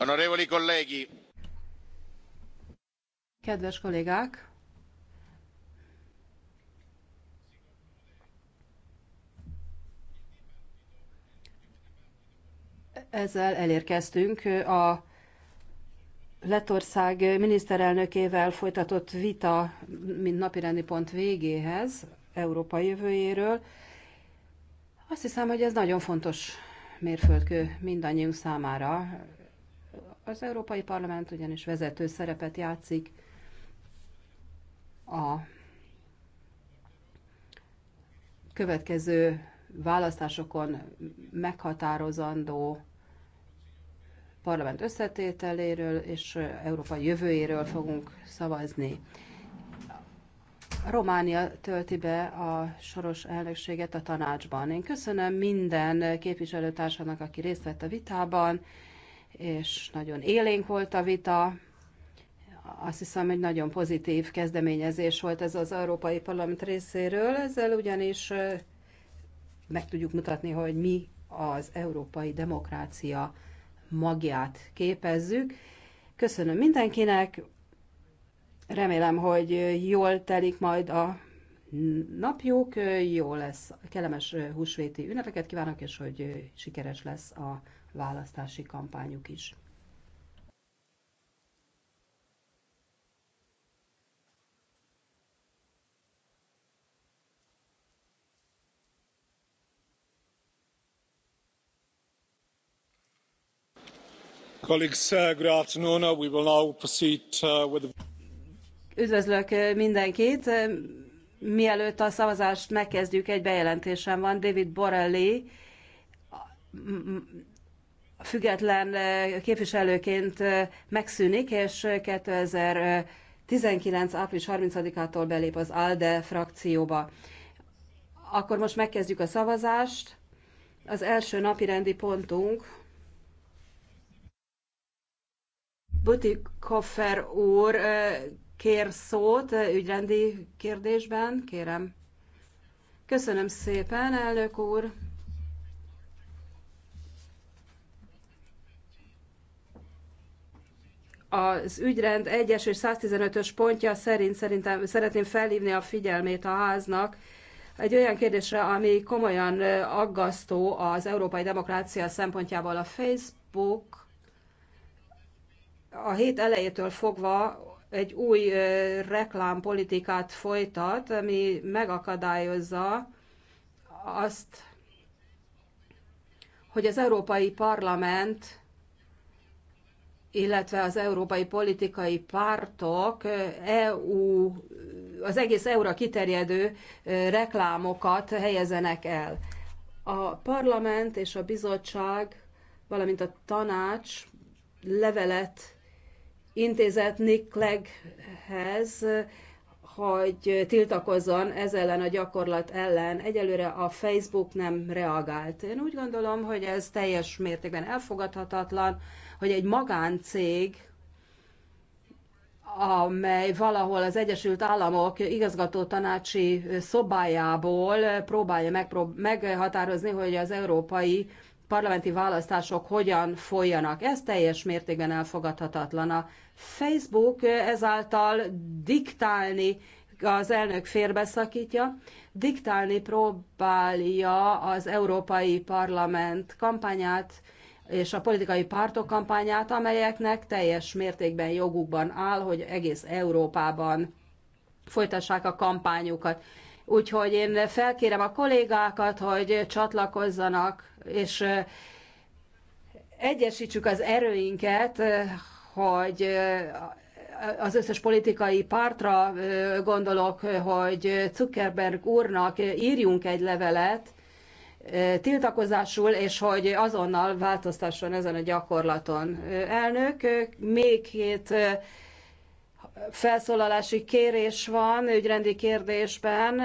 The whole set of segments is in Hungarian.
onorevoli colleghi kedves kollégák ezzel elérkeztünk a lettország miniszterelnökével folytatott vita mint napirendi pont végéhez európa jövőjéről. Azt hiszem, hogy ez nagyon fontos mérföldkő mindannyiunk számára. Az Európai Parlament ugyanis vezető szerepet játszik a következő választásokon meghatározandó parlament összetételéről és Európa jövőjéről fogunk szavazni. Románia tölti be a soros elnökséget a tanácsban. Én köszönöm minden képviselőtársának, aki részt vett a vitában, és nagyon élénk volt a vita. Azt hiszem, egy nagyon pozitív kezdeményezés volt ez az Európai Parlament részéről, ezzel ugyanis meg tudjuk mutatni, hogy mi az európai demokrácia magját képezzük. Köszönöm mindenkinek, Remélem, hogy jól telik majd a napjuk, jó lesz, kellemes húsvéti ünnepeket kívánok, és hogy sikeres lesz a választási kampányuk is. Colleagues, uh, good afternoon. Uh, we will now proceed uh, with the Üdvözlök eh, mindenkit. Eh, mielőtt a szavazást megkezdjük, egy bejelentésem van. David Borelli, független eh, képviselőként megszűnik, és 2019. április 30-ától belép az ALDE frakcióba. Akkor most megkezdjük a szavazást. Az első napi rendi pontunk Butikoffer úr kér szót eh, ügyrendi kérdésben, kérem. Köszönöm szépen, elnök úr. az ügyrend 1-es és 115-ös pontja szerint szerintem szeretném felhívni a figyelmét a háznak egy olyan kérdésre, ami komolyan eh, aggasztó az európai demokrácia szempontjából a Facebook a hét elejétől fogva egy új reklámpolitikát folytat, ami megakadályozza azt, hogy az Európai Parlament, illetve az európai politikai pártok EU, az egész EU-ra kiterjedő reklámokat helyezenek el. A parlament és a bizottság, valamint a tanács levelet intézet Nick Clegghez, hogy tiltakozzon ez ellen a gyakorlat ellen. Egyelőre a Facebook nem reagált. Én úgy gondolom, hogy ez teljes mértékben elfogadhatatlan, hogy egy magáncég, amely valahol az Egyesült Államok igazgató tanácsi szobájából próbálja megprób- meghatározni, hogy az európai parlamenti választások hogyan folyjanak. Ez teljes mértékben elfogadhatatlan. A Facebook ezáltal diktálni az elnök félbeszakítja, diktálni próbálja az Európai Parlament kampányát és a politikai pártok kampányát, amelyeknek teljes mértékben jogukban áll, hogy egész Európában folytassák a kampányukat. Úgyhogy én felkérem a kollégákat, hogy csatlakozzanak, és egyesítsük az erőinket, hogy az összes politikai pártra gondolok, hogy Zuckerberg úrnak írjunk egy levelet tiltakozásul, és hogy azonnal változtasson ezen a gyakorlaton. Elnök, még két felszólalási kérés van ügyrendi kérdésben.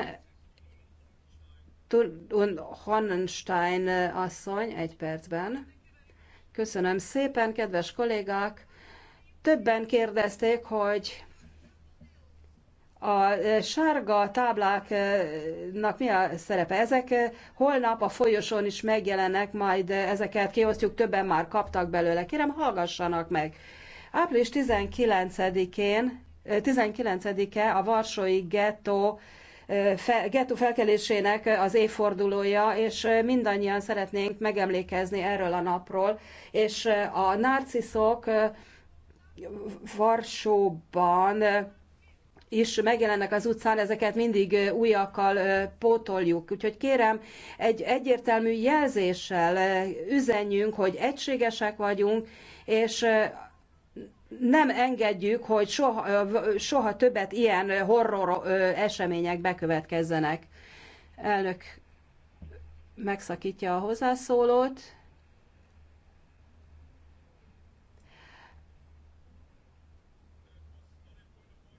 Und Hannenstein asszony, egy percben. Köszönöm szépen, kedves kollégák! Többen kérdezték, hogy a sárga tábláknak mi a szerepe? Ezek holnap a folyosón is megjelennek, majd ezeket kiosztjuk, többen már kaptak belőle. Kérem, hallgassanak meg Április 19-én 19-e a Varsói gettó gettó felkelésének az évfordulója, és mindannyian szeretnénk megemlékezni erről a napról, és a narciszok Varsóban is megjelennek az utcán, ezeket mindig újakkal pótoljuk. Úgyhogy kérem, egy egyértelmű jelzéssel üzenjünk, hogy egységesek vagyunk, és nem engedjük, hogy soha, soha többet ilyen horror események bekövetkezzenek. Elnök megszakítja a hozzászólót.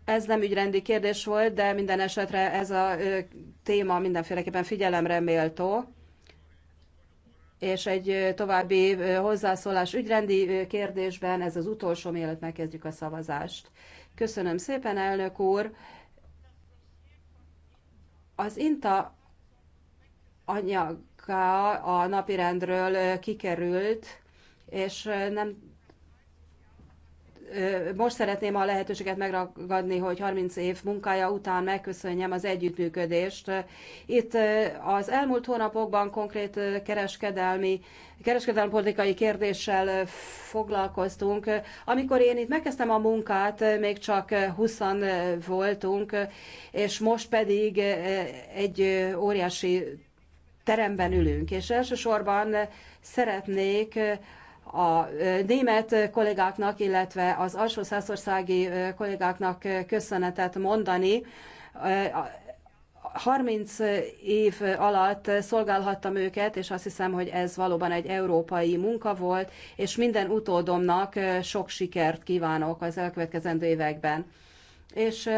Ez nem ügyrendi kérdés volt, de minden esetre ez a téma mindenféleképpen figyelemre méltó és egy további hozzászólás ügyrendi kérdésben, ez az utolsó, mielőtt megkezdjük a szavazást. Köszönöm szépen, elnök úr! Az INTA anyaga a napirendről kikerült, és nem most szeretném a lehetőséget megragadni, hogy 30 év munkája után megköszönjem az együttműködést. Itt az elmúlt hónapokban konkrét kereskedelmi, kereskedelmi politikai kérdéssel foglalkoztunk. Amikor én itt megkezdtem a munkát, még csak 20 voltunk, és most pedig egy óriási teremben ülünk, és elsősorban szeretnék a német kollégáknak, illetve az alsó szászországi kollégáknak köszönetet mondani. 30 év alatt szolgálhattam őket, és azt hiszem, hogy ez valóban egy európai munka volt, és minden utódomnak sok sikert kívánok az elkövetkezendő években. És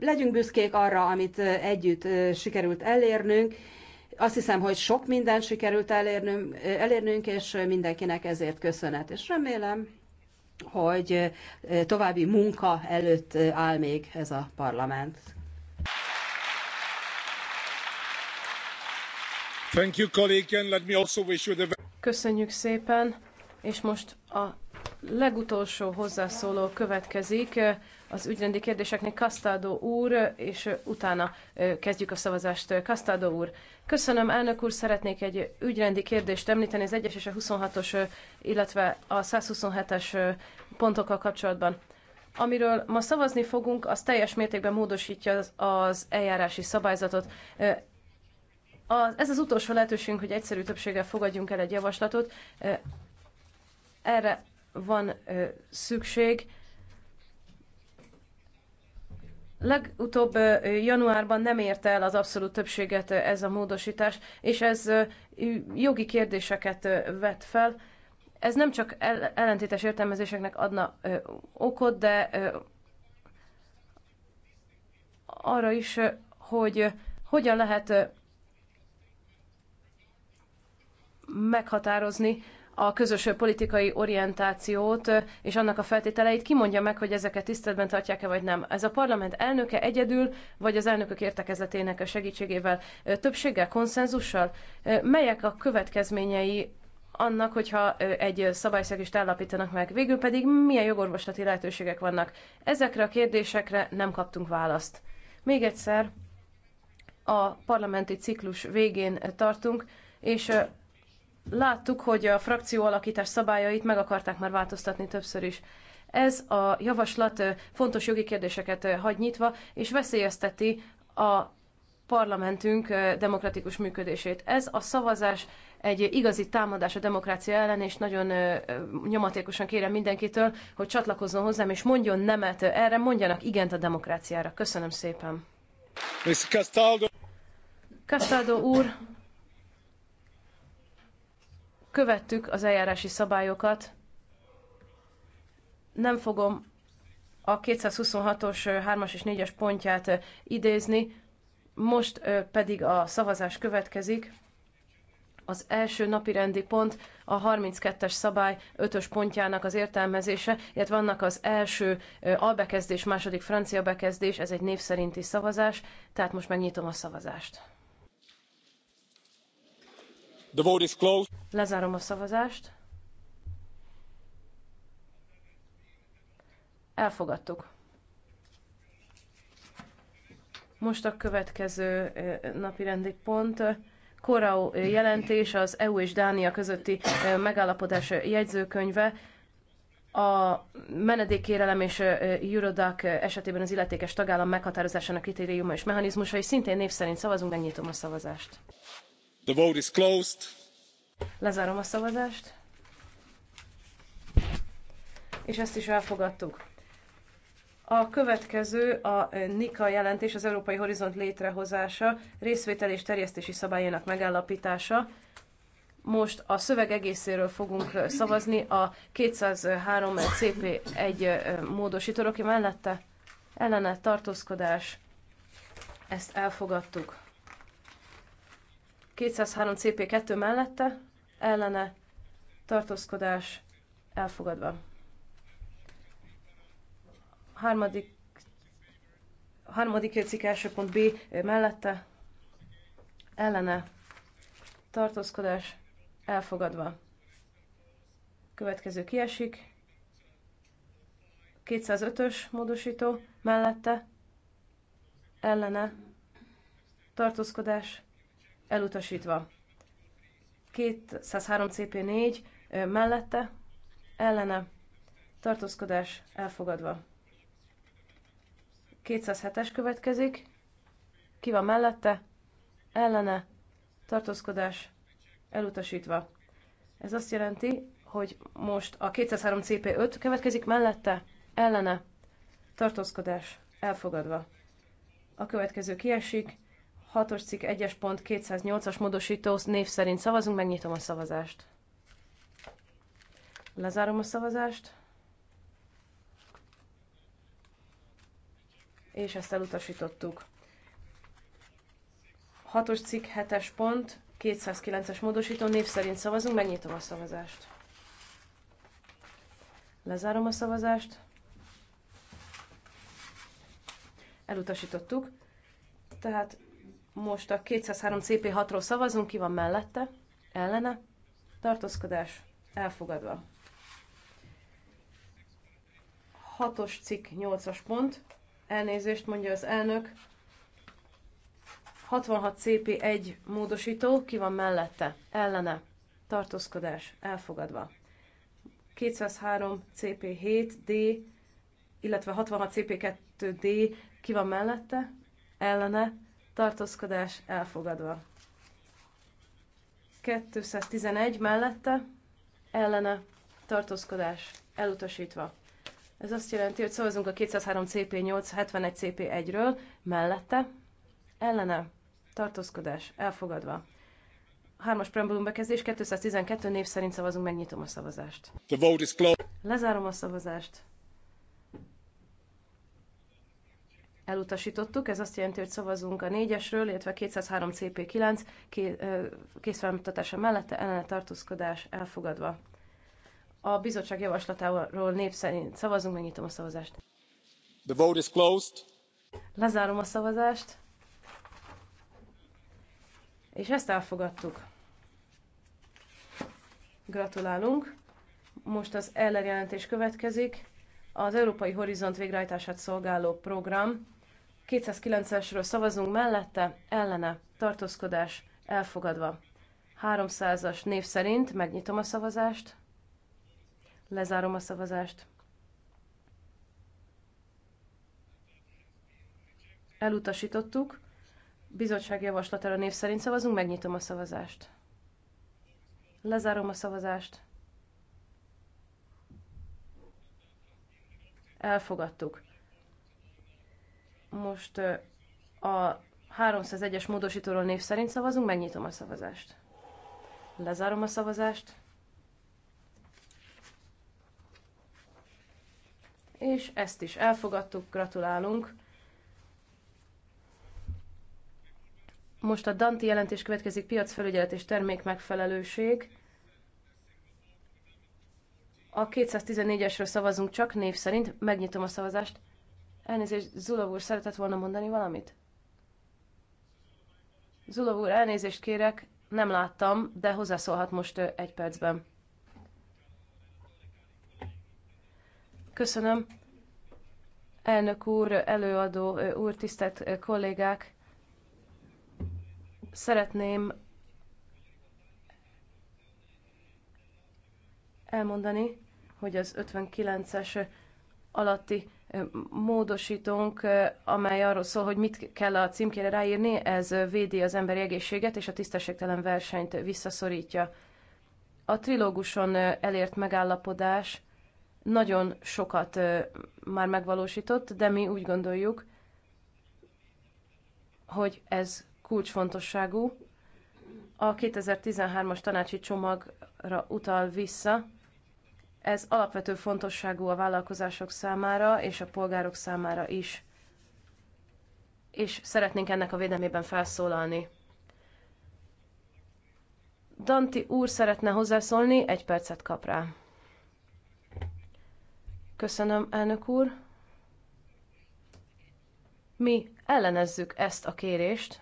legyünk büszkék arra, amit együtt sikerült elérnünk, azt hiszem, hogy sok mindent sikerült elérnünk, elérnünk, és mindenkinek ezért köszönet. És remélem, hogy további munka előtt áll még ez a parlament. Thank you, colleague, and let me also wish you the... Köszönjük szépen, és most a legutolsó hozzászóló következik eh, az ügyrendi kérdéseknél Kasztádó úr, és eh, utána eh, kezdjük a szavazást. Kasztádó úr, köszönöm, elnök úr, szeretnék egy ügyrendi kérdést említeni, az 1-es és a 26-os, illetve a 127-es pontokkal kapcsolatban. Amiről ma szavazni fogunk, az teljes mértékben módosítja az eljárási szabályzatot. Ez az utolsó lehetőségünk, hogy egyszerű többséggel fogadjunk el egy javaslatot. Erre van szükség. Legutóbb januárban nem érte el az abszolút többséget ez a módosítás, és ez jogi kérdéseket vet fel. Ez nem csak ellentétes értelmezéseknek adna okot, de arra is, hogy hogyan lehet meghatározni a közös politikai orientációt és annak a feltételeit, mondja meg, hogy ezeket tiszteletben tartják-e vagy nem. Ez a parlament elnöke egyedül, vagy az elnökök értekezletének a segítségével, többséggel, konszenzussal? Melyek a következményei annak, hogyha egy szabályszegést állapítanak meg. Végül pedig milyen jogorvoslati lehetőségek vannak. Ezekre a kérdésekre nem kaptunk választ. Még egyszer, a parlamenti ciklus végén tartunk, és láttuk, hogy a frakció alakítás szabályait meg akarták már változtatni többször is. Ez a javaslat fontos jogi kérdéseket hagy nyitva, és veszélyezteti a parlamentünk demokratikus működését. Ez a szavazás egy igazi támadás a demokrácia ellen, és nagyon nyomatékosan kérem mindenkitől, hogy csatlakozzon hozzám, és mondjon nemet erre, mondjanak igent a demokráciára. Köszönöm szépen. Castaldo. Castaldo úr, követtük az eljárási szabályokat. Nem fogom a 226-os 3-as és 4-es pontját idézni, most pedig a szavazás következik. Az első napi rendi pont a 32-es szabály 5-ös pontjának az értelmezése, illetve vannak az első albekezdés, második francia bekezdés, ez egy név szerinti szavazás, tehát most megnyitom a szavazást. The vote is closed. Lezárom a szavazást. Elfogadtuk. Most a következő napi rendi pont. Korau jelentés az EU és Dánia közötti megállapodás jegyzőkönyve. A menedékkérelem és Eurodac esetében az illetékes tagállam meghatározásának kritériuma és mechanizmusai szintén név szerint szavazunk, megnyitom a szavazást. The vote is closed. Lezárom a szavazást. És ezt is elfogadtuk. A következő a NIKA jelentés, az Európai Horizont létrehozása, részvétel és terjesztési szabályának megállapítása. Most a szöveg egészéről fogunk szavazni, a 203 CP1 módosítóról, aki mellette ellene tartózkodás, ezt elfogadtuk. 203 CP2 mellette, ellene tartózkodás elfogadva. Harmadik, harmadik cikk első pont B mellette, ellene tartózkodás elfogadva. Következő kiesik. 205-ös módosító mellette, ellene tartózkodás elutasítva. 203 CP4 mellette, ellene, tartózkodás elfogadva. 207-es következik, ki van mellette, ellene, tartózkodás elutasítva. Ez azt jelenti, hogy most a 203 CP5 következik mellette, ellene, tartózkodás elfogadva. A következő kiesik, 6-os cikk 1-es pont 208-as módosító név szerint szavazunk, megnyitom a szavazást. Lezárom a szavazást. És ezt elutasítottuk. 6-os cikk 7-es pont 209-es módosító név szerint szavazunk, megnyitom a szavazást. Lezárom a szavazást. Elutasítottuk. Tehát most a 203 CP6-ról szavazunk, ki van mellette, ellene, tartózkodás elfogadva. 6-os cikk 8-as pont, elnézést mondja az elnök, 66 CP1 módosító, ki van mellette, ellene, tartózkodás elfogadva. 203 CP7D, illetve 66 CP2D, ki van mellette, ellene, tartózkodás elfogadva. 211 mellette, ellene, tartózkodás elutasítva. Ez azt jelenti, hogy szavazunk a 203 CP8 71 CP1-ről, mellette, ellene, tartózkodás elfogadva. Hármas preambulum bekezdés, 212 név szerint szavazunk, megnyitom a szavazást. The vote is Lezárom a szavazást. elutasítottuk, ez azt jelenti, hogy szavazunk a 4-esről, illetve 203 CP9 készfelmutatása mellette ellene tartózkodás elfogadva. A bizottság javaslatáról név szerint szavazunk, megnyitom a szavazást. The vote is closed. Lezárom a szavazást. És ezt elfogadtuk. Gratulálunk. Most az ellenjelentés következik az Európai Horizont végrehajtását szolgáló program 290-esről szavazunk mellette, ellene, tartózkodás, elfogadva. 300-as név szerint megnyitom a szavazást, lezárom a szavazást. Elutasítottuk. Bizottság javaslatára név szerint szavazunk, megnyitom a szavazást. Lezárom a szavazást. Elfogadtuk. Most a 301-es módosítóról név szerint szavazunk, megnyitom a szavazást. Lezárom a szavazást. És ezt is elfogadtuk, gratulálunk. Most a Danti jelentés következik piacfelügyelet és termékmegfelelőség. A 214-esről szavazunk csak név szerint, megnyitom a szavazást, Elnézést, Zulov úr, szeretett volna mondani valamit? Zulov úr, elnézést kérek, nem láttam, de hozzászólhat most egy percben. Köszönöm. Elnök úr, előadó úr, tisztelt kollégák! Szeretném elmondani, hogy az 59-es alatti módosítónk, amely arról szól, hogy mit kell a címkére ráírni, ez védi az emberi egészséget és a tisztességtelen versenyt visszaszorítja. A trilóguson elért megállapodás nagyon sokat már megvalósított, de mi úgy gondoljuk, hogy ez kulcsfontosságú. A 2013-as tanácsi csomagra utal vissza, ez alapvető fontosságú a vállalkozások számára és a polgárok számára is. És szeretnénk ennek a védelmében felszólalni. Danti úr szeretne hozzászólni, egy percet kap rá. Köszönöm, elnök úr. Mi ellenezzük ezt a kérést.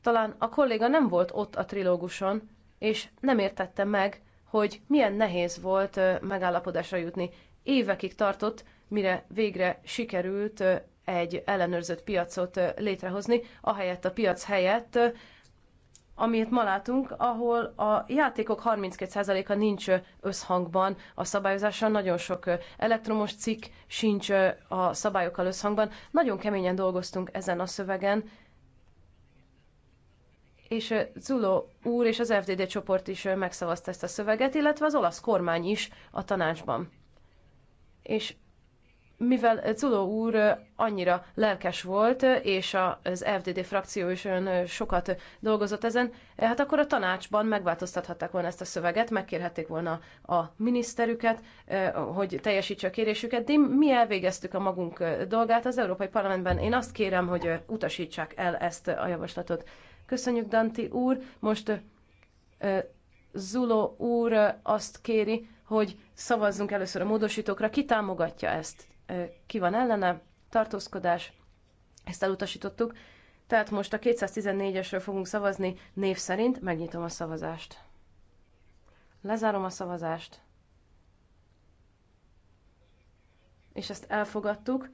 Talán a kolléga nem volt ott a trilóguson, és nem értette meg, hogy milyen nehéz volt megállapodásra jutni. Évekig tartott, mire végre sikerült egy ellenőrzött piacot létrehozni, ahelyett a piac helyett, amit ma látunk, ahol a játékok 32%-a nincs összhangban a szabályozással, nagyon sok elektromos cikk sincs a szabályokkal összhangban. Nagyon keményen dolgoztunk ezen a szövegen, és Zulo úr és az FDD csoport is megszavazta ezt a szöveget, illetve az olasz kormány is a tanácsban. És mivel Zulo úr annyira lelkes volt, és az FDD frakció is olyan sokat dolgozott ezen, eh, hát akkor a tanácsban megváltoztathatták volna ezt a szöveget, megkérhették volna a miniszterüket, hogy teljesítse a kérésüket, de mi elvégeztük a magunk dolgát az Európai Parlamentben. Én azt kérem, hogy utasítsák el ezt a javaslatot. Köszönjük, Danti úr. Most Zulo úr azt kéri, hogy szavazzunk először a módosítókra. Ki támogatja ezt? Ki van ellene? Tartózkodás. Ezt elutasítottuk. Tehát most a 214-esről fogunk szavazni név szerint. Megnyitom a szavazást. Lezárom a szavazást. És ezt elfogadtuk.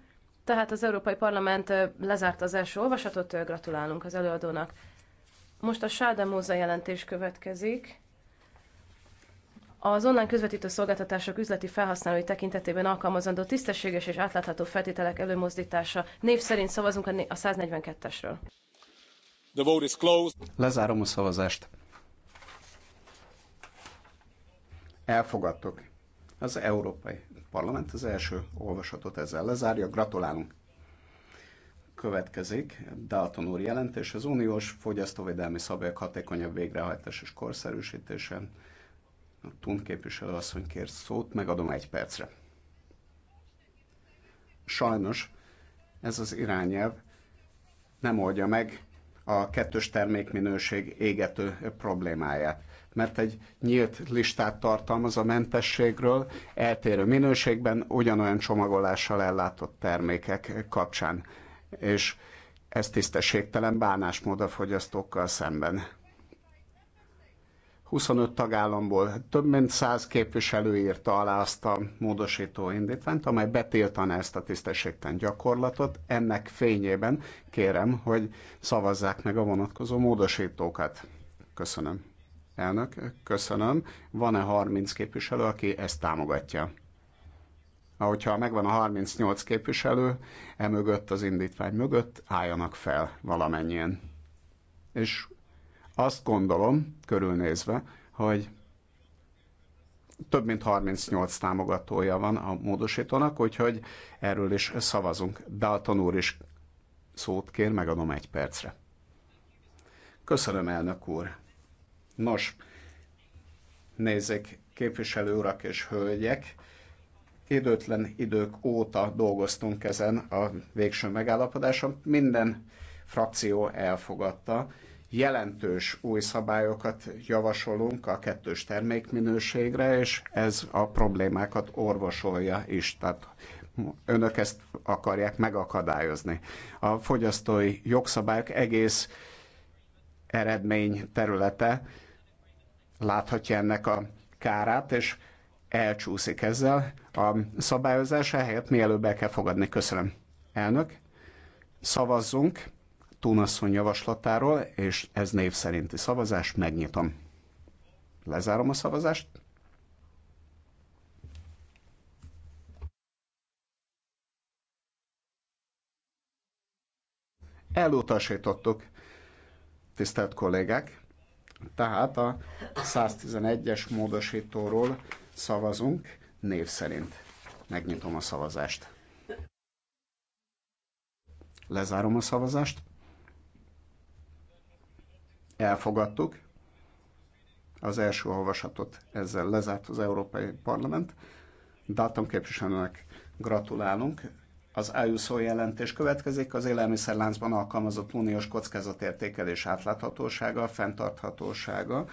Tehát az Európai Parlament lezárt az első olvasatot, gratulálunk az előadónak. Most a Sádemóza jelentés következik. Az online közvetítő szolgáltatások üzleti felhasználói tekintetében alkalmazandó tisztességes és átlátható feltételek előmozdítása. Név szerint szavazunk a 142-esről. The vote is closed. Lezárom a szavazást. Elfogadtok. Az Európai Parlament az első olvasatot ezzel lezárja. Gratulálunk! következik Dalton úr jelentés, az uniós fogyasztóvédelmi szabályok hatékonyabb végrehajtás és korszerűsítése. A Tun képviselő asszony kér szót, megadom egy percre. Sajnos ez az irányelv nem oldja meg a kettős termékminőség égető problémáját mert egy nyílt listát tartalmaz a mentességről, eltérő minőségben, ugyanolyan csomagolással ellátott termékek kapcsán és ez tisztességtelen bánásmód a fogyasztókkal szemben. 25 tagállamból több mint 100 képviselő írta alá azt a módosító indítványt, amely betiltaná ezt a tisztességtelen gyakorlatot. Ennek fényében kérem, hogy szavazzák meg a vonatkozó módosítókat. Köszönöm. Elnök, köszönöm. Van-e 30 képviselő, aki ezt támogatja? hogyha megvan a 38 képviselő, e mögött, az indítvány mögött álljanak fel valamennyien. És azt gondolom, körülnézve, hogy több mint 38 támogatója van a módosítónak, úgyhogy erről is szavazunk. Dalton úr is szót kér, megadom egy percre. Köszönöm, elnök úr. Nos, nézzék, képviselő urak és hölgyek, időtlen idők óta dolgoztunk ezen a végső megállapodáson. Minden frakció elfogadta. Jelentős új szabályokat javasolunk a kettős termékminőségre, és ez a problémákat orvosolja is. Tehát önök ezt akarják megakadályozni. A fogyasztói jogszabályok egész eredmény területe láthatja ennek a kárát, és elcsúszik ezzel a szabályozás, helyett mielőbb el kell fogadni. Köszönöm. Elnök, szavazzunk Tunasszony javaslatáról, és ez név szerinti szavazást megnyitom. Lezárom a szavazást. Elutasítottuk, tisztelt kollégák. Tehát a 111-es módosítóról szavazunk név szerint. Megnyitom a szavazást. Lezárom a szavazást. Elfogadtuk. Az első olvasatot ezzel lezárt az Európai Parlament. Dátum képviselőnek gratulálunk. Az IUSO jelentés következik, az élelmiszerláncban alkalmazott uniós kockázatértékelés átláthatósága, fenntarthatósága.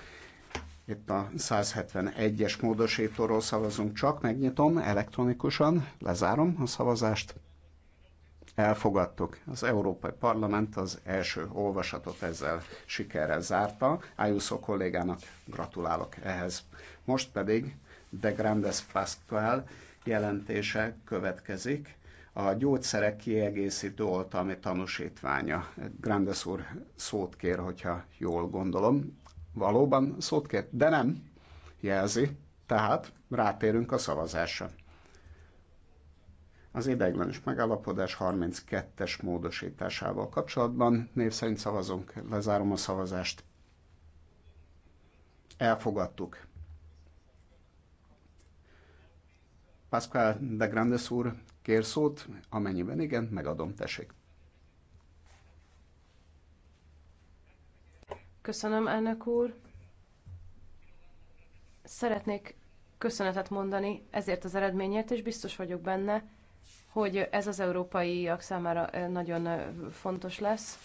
Itt a 171-es módosítóról szavazunk csak, megnyitom elektronikusan, lezárom a szavazást. Elfogadtuk. Az Európai Parlament az első olvasatot ezzel sikerrel zárta. Ayuso kollégának gratulálok ehhez. Most pedig de Grandes Pascual jelentése következik. A gyógyszerek kiegészítő oltalmi tanúsítványa. Grandes úr szót kér, hogyha jól gondolom valóban szót kér, de nem, jelzi, tehát rátérünk a szavazásra. Az ideiglenes megállapodás 32-es módosításával kapcsolatban név szerint szavazunk, lezárom a szavazást. Elfogadtuk. Pascal de Grandes úr kér szót, amennyiben igen, megadom, tessék. Köszönöm, elnök úr. Szeretnék köszönetet mondani ezért az eredményért, és biztos vagyok benne, hogy ez az európaiak számára nagyon fontos lesz.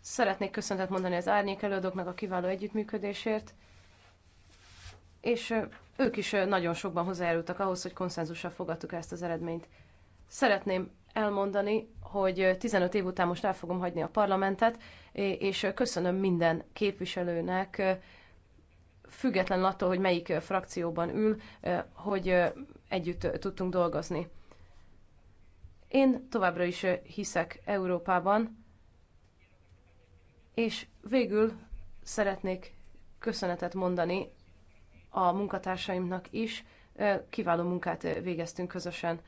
Szeretnék köszönetet mondani az árnyék előadóknak a kiváló együttműködésért, és ők is nagyon sokban hozzájárultak ahhoz, hogy konszenzussal fogadtuk ezt az eredményt. Szeretném elmondani, hogy 15 év után most el fogom hagyni a parlamentet, és köszönöm minden képviselőnek, független attól, hogy melyik frakcióban ül, hogy együtt tudtunk dolgozni. Én továbbra is hiszek Európában, és végül szeretnék köszönetet mondani a munkatársaimnak is. Kiváló munkát végeztünk közösen.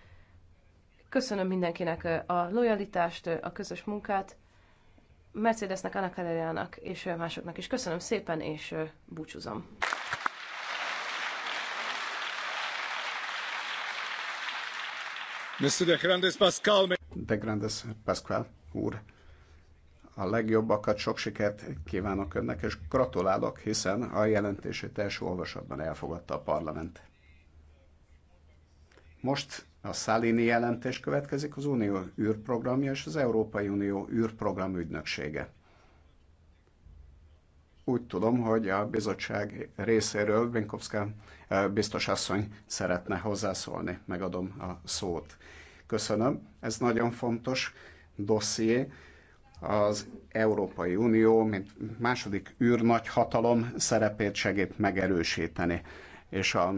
Köszönöm mindenkinek a lojalitást, a közös munkát, Mercedesnek, Anna Kaleriának és másoknak is. Köszönöm szépen, és búcsúzom. Mr. De Grandes Pascal. De Grandes Pascal úr, a legjobbakat, sok sikert kívánok önnek, és gratulálok, hiszen a jelentését első olvasatban elfogadta a parlament. Most a Szalini jelentés következik az Unió űrprogramja és az Európai Unió űrprogram ügynöksége. Úgy tudom, hogy a bizottság részéről Vinkovszka eh, biztos asszony szeretne hozzászólni. Megadom a szót. Köszönöm. Ez nagyon fontos dosszié az Európai Unió, mint második űrnagyhatalom szerepét segít megerősíteni, és a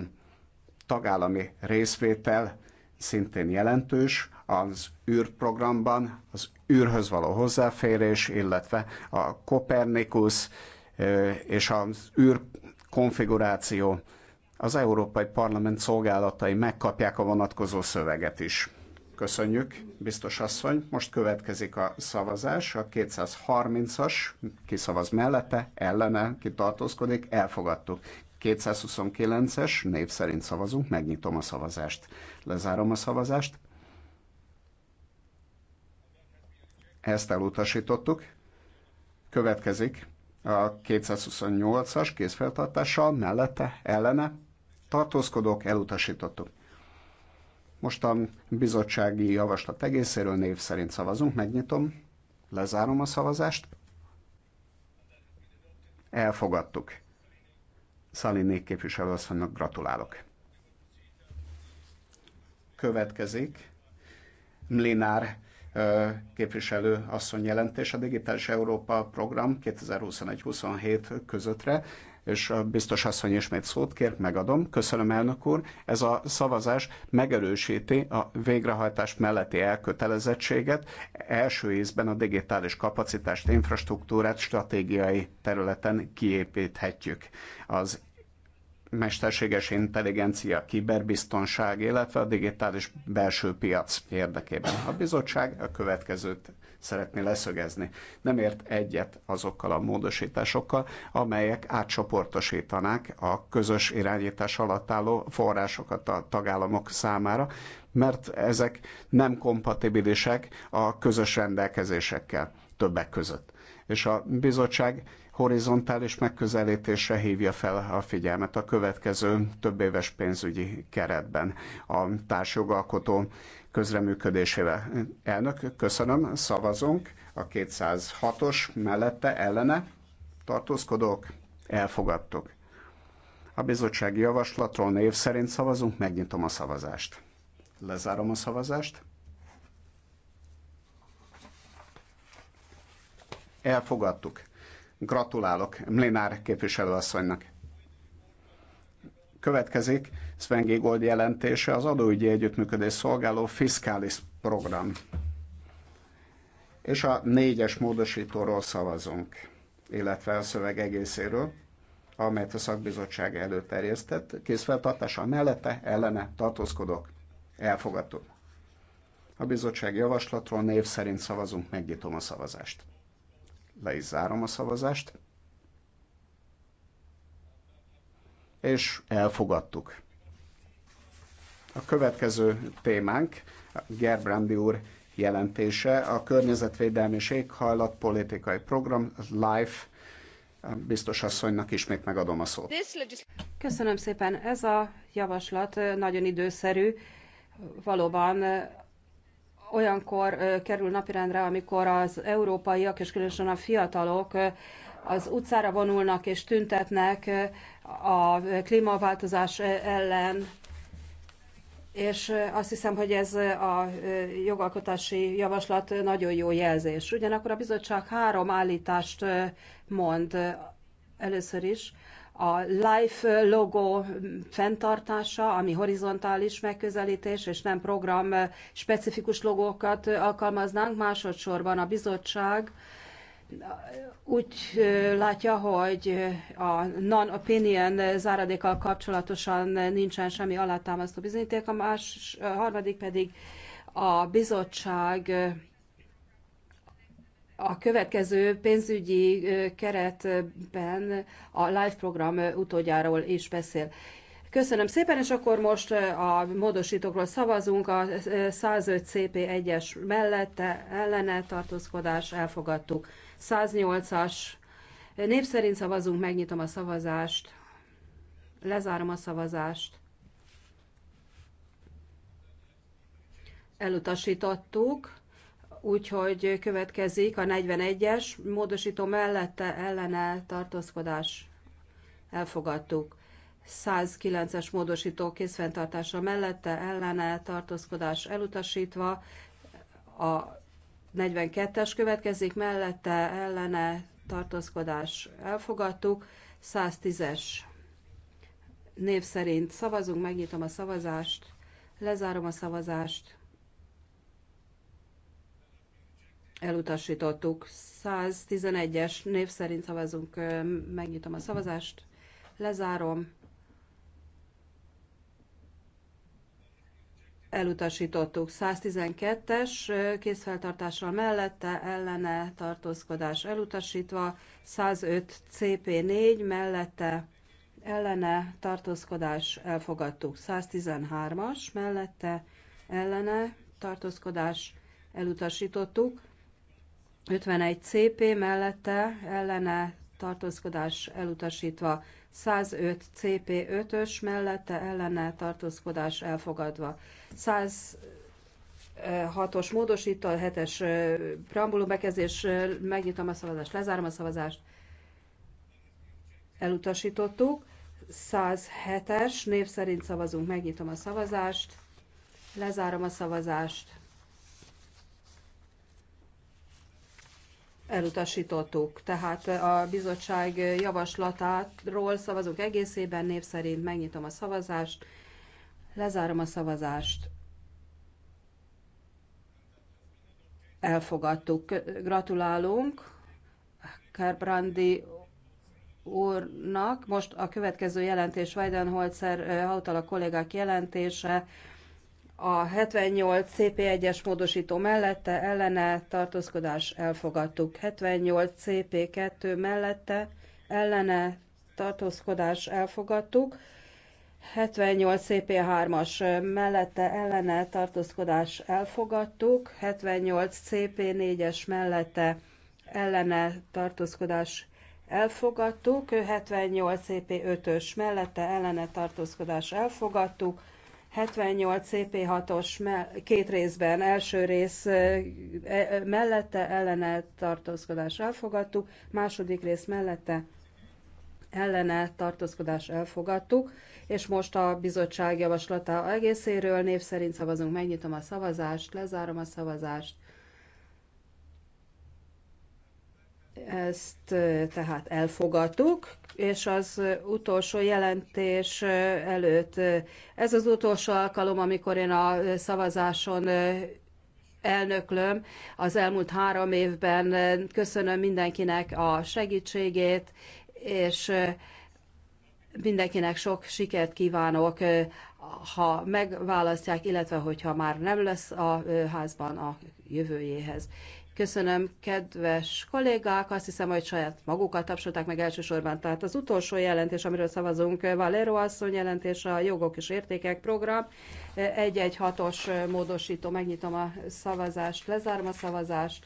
tagállami részvétel szintén jelentős az űrprogramban, az űrhöz való hozzáférés, illetve a Kopernikus és az űr konfiguráció. Az Európai Parlament szolgálatai megkapják a vonatkozó szöveget is. Köszönjük, biztos asszony. Most következik a szavazás, a 230-as, kiszavaz mellette, ellene, kitartózkodik, elfogadtuk. 229-es, név szerint szavazunk, megnyitom a szavazást, lezárom a szavazást. Ezt elutasítottuk. Következik a 228-as kézfeltartással, mellette, ellene, tartózkodók, elutasítottuk. Most a bizottsági javaslat egészéről név szerint szavazunk, megnyitom, lezárom a szavazást. Elfogadtuk. Szaliné képviselőasszonynak gratulálok. Következik Mlinár képviselő asszony jelentés a Digitális Európa program 2021-27 közöttre és a biztos asszony ismét szót kér, megadom. Köszönöm, elnök úr. Ez a szavazás megerősíti a végrehajtás melletti elkötelezettséget, első észben a digitális kapacitást, infrastruktúrát stratégiai területen kiépíthetjük. Az mesterséges intelligencia, kiberbiztonság, illetve a digitális belső piac érdekében. A bizottság a következőt szeretné leszögezni. Nem ért egyet azokkal a módosításokkal, amelyek átcsoportosítanák a közös irányítás alatt álló forrásokat a tagállamok számára, mert ezek nem kompatibilisek a közös rendelkezésekkel többek között. És a bizottság horizontális megközelítésre hívja fel a figyelmet a következő több éves pénzügyi keretben. A társjogalkotó közreműködésével. Elnök, köszönöm, szavazunk a 206-os mellette ellene tartózkodók, elfogadtuk. A bizottsági javaslatról név szerint szavazunk, megnyitom a szavazást. Lezárom a szavazást. Elfogadtuk. Gratulálok Mlinár képviselőasszonynak. Következik Sven Giegold jelentése az adóügyi együttműködés szolgáló fiskális program. És a négyes módosítóról szavazunk, illetve a szöveg egészéről, amelyet a szakbizottság előterjesztett. feltartása mellette, ellene tartózkodok. Elfogadtuk. A bizottság javaslatról név szerint szavazunk, megnyitom a szavazást. Le is zárom a szavazást. És elfogadtuk. A következő témánk Gerbrandi úr jelentése, a környezetvédelmi és éghajlat politikai program, LIFE, biztos asszonynak ismét megadom a szót. Köszönöm szépen. Ez a javaslat nagyon időszerű. Valóban olyankor kerül napirendre, amikor az európaiak, és különösen a fiatalok az utcára vonulnak és tüntetnek a klímaváltozás ellen, és azt hiszem, hogy ez a jogalkotási javaslat nagyon jó jelzés. Ugyanakkor a bizottság három állítást mond először is. A LIFE logo fenntartása, ami horizontális megközelítés, és nem program specifikus logókat alkalmaznánk. Másodszorban a bizottság úgy látja, hogy a non-opinion záradékkal kapcsolatosan nincsen semmi alátámasztó bizonyíték, a, más, a harmadik pedig a bizottság a következő pénzügyi keretben a live program utódjáról is beszél. Köszönöm szépen, és akkor most a módosítókról szavazunk, a 105 CP1-es mellette ellene tartózkodás elfogadtuk. 108-as. Név szerint szavazunk, megnyitom a szavazást, lezárom a szavazást. Elutasítottuk, úgyhogy következik a 41-es módosító mellette ellene tartózkodás. Elfogadtuk. 109-es módosító készfenntartása mellette ellene tartózkodás elutasítva, a 42-es következik, mellette ellene tartózkodás elfogadtuk, 110-es név szerint szavazunk, megnyitom a szavazást, lezárom a szavazást, elutasítottuk, 111-es név szerint szavazunk, megnyitom a szavazást, lezárom, elutasítottuk. 112-es készfeltartással mellette ellene tartózkodás elutasítva, 105 CP4 mellette ellene tartózkodás elfogadtuk. 113-as mellette ellene tartózkodás elutasítottuk. 51 CP mellette ellene tartózkodás elutasítva, 105 CP5-ös mellette ellene tartózkodás elfogadva. 106-os módosító, 7-es preambulum bekezdés, megnyitom a szavazást, lezárom a szavazást. Elutasítottuk. 107-es név szerint szavazunk, megnyitom a szavazást, lezárom a szavazást. elutasítottuk. Tehát a bizottság javaslatáról szavazunk egészében, név szerint megnyitom a szavazást, lezárom a szavazást. Elfogadtuk. Gratulálunk Kerbrandi úrnak. Most a következő jelentés Weidenholzer eh, Hautala kollégák jelentése. A 78 CP1-es módosító mellette ellene tartózkodás elfogadtuk. 78 CP2 mellette ellene tartózkodás elfogadtuk. 78 CP3-as mellette ellene tartózkodás elfogadtuk, 78 CP4-es mellette ellene tartózkodás elfogadtuk, 78 CP5-ös mellette ellene tartózkodás elfogadtuk, 78 CP6-os két részben, első rész e, e, mellette ellene tartózkodás elfogadtuk, második rész mellette ellene tartózkodás elfogadtuk, és most a bizottság javaslata egészéről név szerint szavazunk, megnyitom a szavazást, lezárom a szavazást, Ezt tehát elfogadtuk, és az utolsó jelentés előtt, ez az utolsó alkalom, amikor én a szavazáson elnöklöm az elmúlt három évben. Köszönöm mindenkinek a segítségét, és mindenkinek sok sikert kívánok, ha megválasztják, illetve hogyha már nem lesz a házban a jövőjéhez. Köszönöm, kedves kollégák, azt hiszem, hogy saját magukat tapsolták meg elsősorban. Tehát az utolsó jelentés, amiről szavazunk, Valero asszony jelentés, a jogok és értékek program. 1-1-6-os módosító, megnyitom a szavazást, lezárom a szavazást.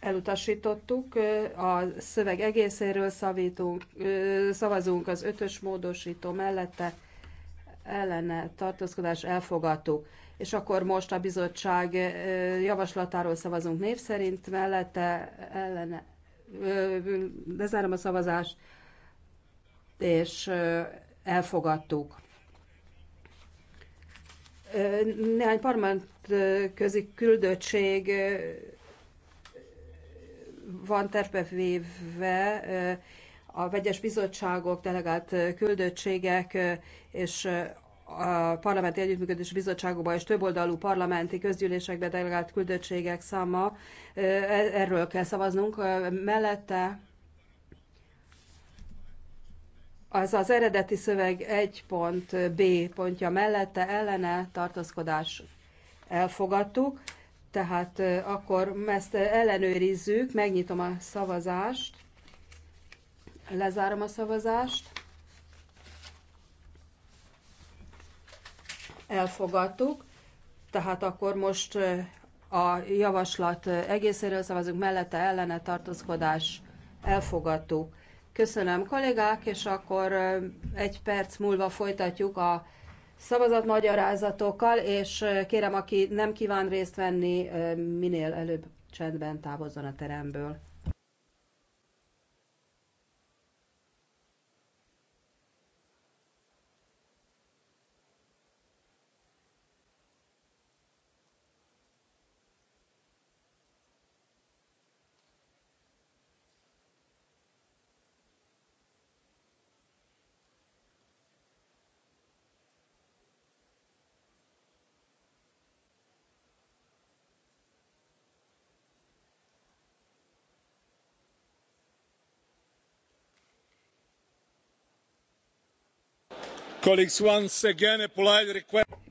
elutasítottuk, a szöveg egészéről szavítunk, szavazunk az ötös módosító mellette, ellene tartózkodás elfogadtuk és akkor most a bizottság javaslatáról szavazunk név szerint, mellette ellene lezárom a szavazást, és elfogadtuk. Néhány parlament közi küldöttség van tervbe véve a vegyes bizottságok, delegált küldöttségek és a Parlamenti Együttműködés bizottságokban és többoldalú parlamenti közgyűlésekbe delegált küldöttségek száma, e, erről kell szavaznunk. Mellette az az eredeti szöveg 1.b pont B pontja mellette ellene tartózkodás elfogadtuk, tehát akkor ezt ellenőrizzük, megnyitom a szavazást, lezárom a szavazást, elfogadtuk, tehát akkor most a javaslat egészéről szavazunk, mellette ellene tartózkodás elfogadtuk. Köszönöm kollégák, és akkor egy perc múlva folytatjuk a szavazatmagyarázatokkal, és kérem, aki nem kíván részt venni, minél előbb csendben távozzon a teremből.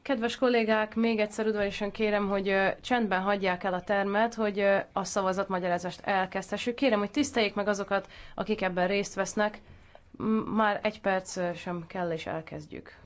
Kedves kollégák, még egyszer udvariasan kérem, hogy csendben hagyják el a termet, hogy a szavazatmagyarázást elkezdhessük. Kérem, hogy tiszteljék meg azokat, akik ebben részt vesznek. Már egy perc sem kell, és elkezdjük.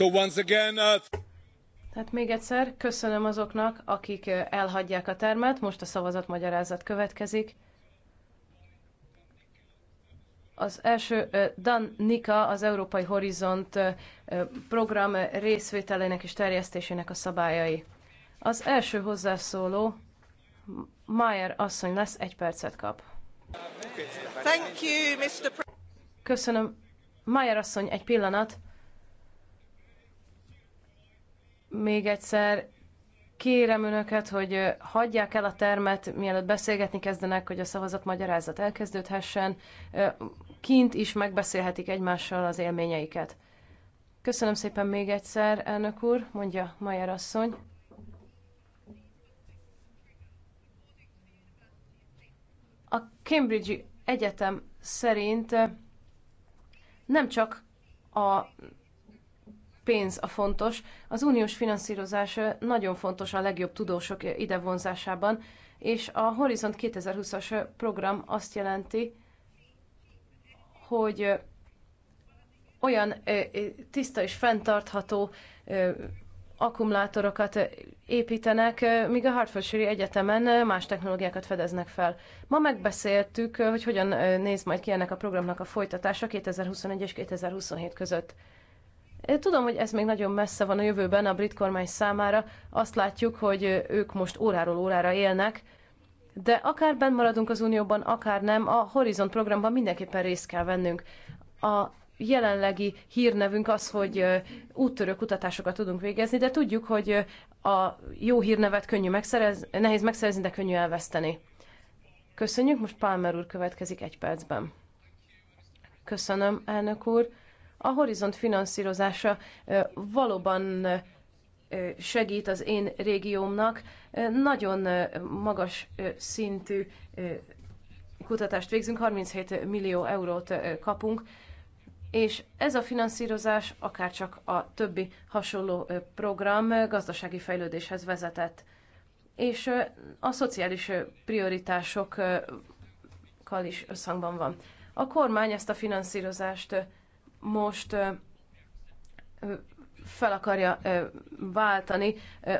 So once again, uh... Tehát még egyszer köszönöm azoknak, akik uh, elhagyják a termet, most a szavazatmagyarázat következik. Az első uh, Dan Nika, az Európai Horizont uh, program részvételének és terjesztésének a szabályai. Az első hozzászóló Mayer asszony lesz, egy percet kap. Thank you, Mr. Köszönöm. Mayer asszony, egy pillanat. Még egyszer kérem önöket, hogy hagyják el a termet, mielőtt beszélgetni kezdenek, hogy a szavazat magyarázat elkezdődhessen. Kint is megbeszélhetik egymással az élményeiket. Köszönöm szépen még egyszer, elnök úr, mondja Majer asszony. A Cambridge Egyetem szerint nem csak a pénz a fontos. Az uniós finanszírozás nagyon fontos a legjobb tudósok idevonzásában, és a Horizont 2020-as program azt jelenti, hogy olyan tiszta és fenntartható akkumulátorokat építenek, míg a Hartfordshire Egyetemen más technológiákat fedeznek fel. Ma megbeszéltük, hogy hogyan néz majd ki ennek a programnak a folytatása 2021 és 2027 között tudom, hogy ez még nagyon messze van a jövőben a brit kormány számára. Azt látjuk, hogy ők most óráról órára élnek, de akár benn maradunk az Unióban, akár nem, a Horizon programban mindenképpen részt kell vennünk. A jelenlegi hírnevünk az, hogy úttörő kutatásokat tudunk végezni, de tudjuk, hogy a jó hírnevet könnyű megszerez, nehéz megszerezni, de könnyű elveszteni. Köszönjük, most Palmer úr következik egy percben. Köszönöm, elnök úr. A Horizont finanszírozása valóban segít az én régiómnak. Nagyon magas szintű kutatást végzünk, 37 millió eurót kapunk, és ez a finanszírozás, akár csak a többi hasonló program gazdasági fejlődéshez vezetett. És a szociális prioritásokkal is összhangban van. A kormány ezt a finanszírozást most fel akarja váltani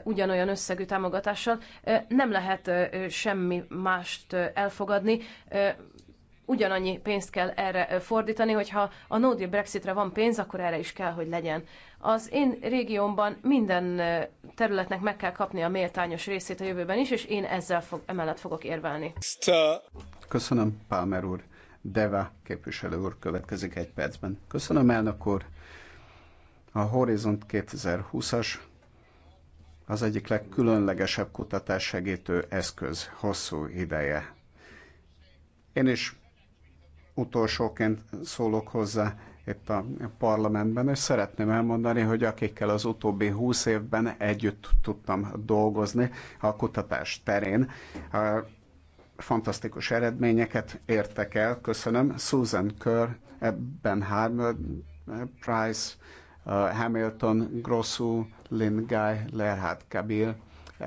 ugyanolyan összegű támogatással, nem lehet semmi mást elfogadni. Ugyanannyi pénzt kell erre fordítani, hogyha a no deal Brexitre van pénz, akkor erre is kell, hogy legyen. Az én régiómban minden területnek meg kell kapni a méltányos részét a jövőben is, és én ezzel fog, emellett fogok érvelni. Uh, Köszönöm, Palmer úr. Deva képviselő úr következik egy percben. Köszönöm, elnök úr! A Horizont 2020-as az egyik legkülönlegesebb kutatás segítő eszköz hosszú ideje. Én is utolsóként szólok hozzá itt a parlamentben, és szeretném elmondani, hogy akikkel az utóbbi húsz évben együtt tudtam dolgozni a kutatás terén, fantasztikus eredményeket értek el. Köszönöm. Susan Kerr, Ben Harmer, Price, uh, Hamilton, Grossu, Lynn Guy, Lerhard Kabil, uh,